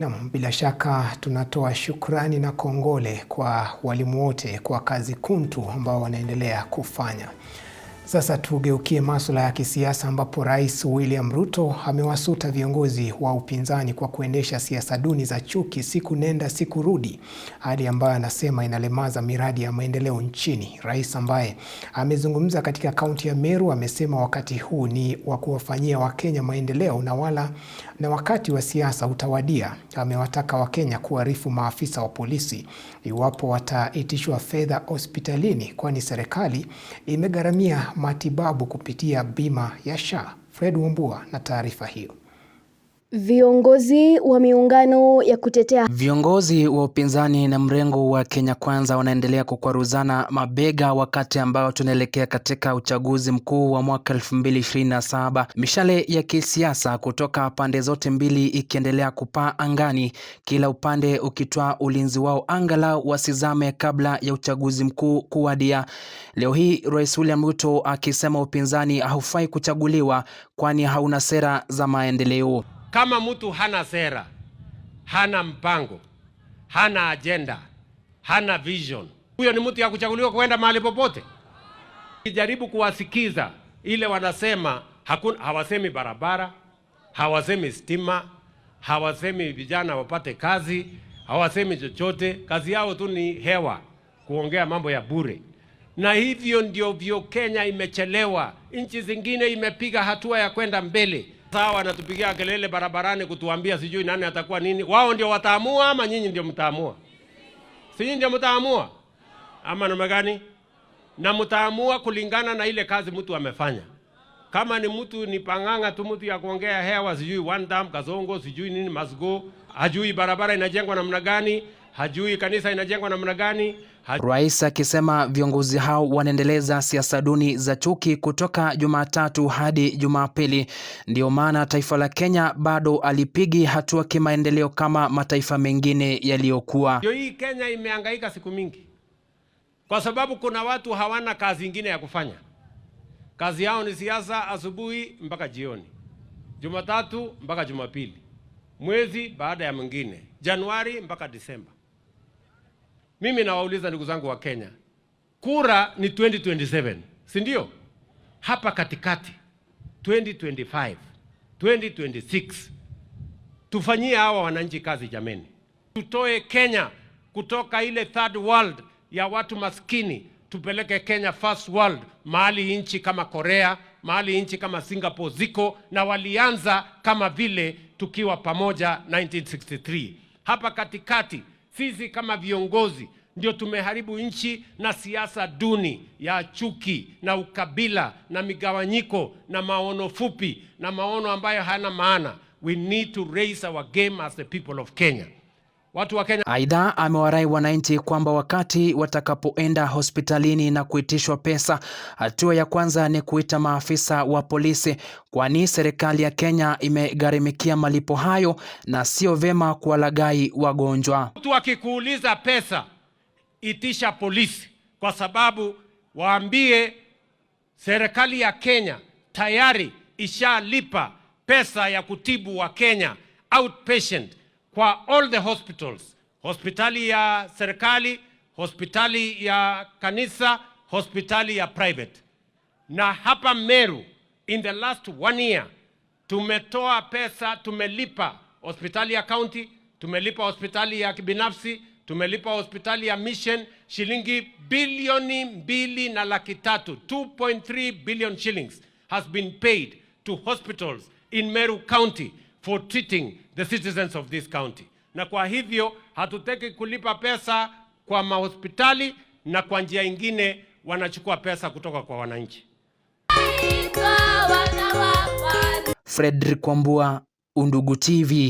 Naam, bila shaka tunatoa shukrani na kongole kwa walimu wote kwa kazi kuntu ambao wanaendelea kufanya. Sasa tugeukie masuala ya kisiasa ambapo Rais William Ruto amewasuta viongozi wa upinzani kwa kuendesha siasa duni za chuki siku nenda siku rudi, hali ambayo anasema inalemaza miradi ya maendeleo nchini. Rais ambaye amezungumza katika kaunti ya Meru amesema wakati huu ni wa kuwafanyia Wakenya maendeleo na wala na wakati wa siasa utawadia. Amewataka Wakenya kuarifu maafisa wa polisi iwapo wataitishwa fedha hospitalini, kwani serikali imegharamia matibabu kupitia bima ya SHA. Fred Wambua na taarifa hiyo. Viongozi wa miungano ya kutetea viongozi wa upinzani na mrengo wa Kenya Kwanza wanaendelea kukwaruzana mabega wakati ambao tunaelekea katika uchaguzi mkuu wa mwaka 2027. Mishale ya kisiasa kutoka pande zote mbili ikiendelea kupaa angani, kila upande ukitoa ulinzi wao angalau wasizame kabla ya uchaguzi mkuu kuwadia. Leo hii Rais William Ruto akisema upinzani haufai kuchaguliwa kwani hauna sera za maendeleo. Kama mtu hana sera, hana mpango, hana ajenda, hana vision, huyo ni mtu ya kuchaguliwa kuenda mahali popote. Kijaribu kuwasikiza ile wanasema hakuna, hawasemi barabara, hawasemi stima, hawasemi vijana wapate kazi, hawasemi chochote. Kazi yao tu ni hewa, kuongea mambo ya bure, na hivyo ndio vyo Kenya imechelewa. Nchi zingine imepiga hatua ya kwenda mbele sawa, wanatupigia kelele barabarani kutuambia sijui nani atakuwa nini. Wao ndio wataamua ama nyinyi ndio mtaamua? Si nyinyi ndio mtaamua ama namna gani? Na mtaamua kulingana na ile kazi mtu amefanya. Kama ni mtu ni panganga tu, mtu ya kuongea hewa, sijui one dam, kazongo, sijui nini, masgo, hajui barabara inajengwa namna gani, hajui kanisa inajengwa namna gani. Rais akisema viongozi hao wanaendeleza siasa duni za chuki kutoka Jumatatu hadi Jumapili. ndio maana taifa la Kenya bado alipigi hatua kimaendeleo kama mataifa mengine yaliyokuwa. Ndio hii Kenya imehangaika siku mingi, kwa sababu kuna watu hawana kazi ingine ya kufanya. Kazi yao ni siasa, asubuhi mpaka jioni, Jumatatu mpaka Jumapili, mwezi baada ya mwingine, Januari mpaka Disemba. Mimi nawauliza ndugu zangu wa Kenya, kura ni 2027 si ndio? Hapa katikati 2025, 2026, tufanyie hawa wananchi kazi jameni, tutoe Kenya kutoka ile third world ya watu maskini, tupeleke Kenya first world, mahali nchi kama Korea, mahali nchi kama Singapore ziko na walianza kama vile tukiwa pamoja 1963 hapa katikati sisi kama viongozi ndio tumeharibu nchi na siasa duni ya chuki na ukabila na migawanyiko na maono fupi na maono ambayo hayana maana. We need to raise our game as the people of Kenya. Watu wa Kenya. Aidha, amewarai wananchi kwamba wakati watakapoenda hospitalini na kuitishwa pesa, hatua ya kwanza ni kuita maafisa wa polisi, kwani serikali ya Kenya imegharimikia malipo hayo na sio vema kuwalagai wagonjwa. Mtu akikuuliza pesa, itisha polisi, kwa sababu waambie serikali ya Kenya tayari ishalipa pesa ya kutibu wa Kenya outpatient kwa all the hospitals, hospitali ya serikali, hospitali ya kanisa, hospitali ya private. Na hapa Meru in the last one year tumetoa pesa, tumelipa hospitali ya county, tumelipa hospitali ya kibinafsi, tumelipa hospitali ya mission shilingi bilioni mbili na laki tatu, 2.3 billion shillings has been paid to hospitals in Meru County for treating the citizens of this county. Na kwa hivyo hatutaki kulipa pesa kwa mahospitali na kwa njia ingine wanachukua pesa kutoka kwa wananchi. Fredrick Wambua, Undugu TV.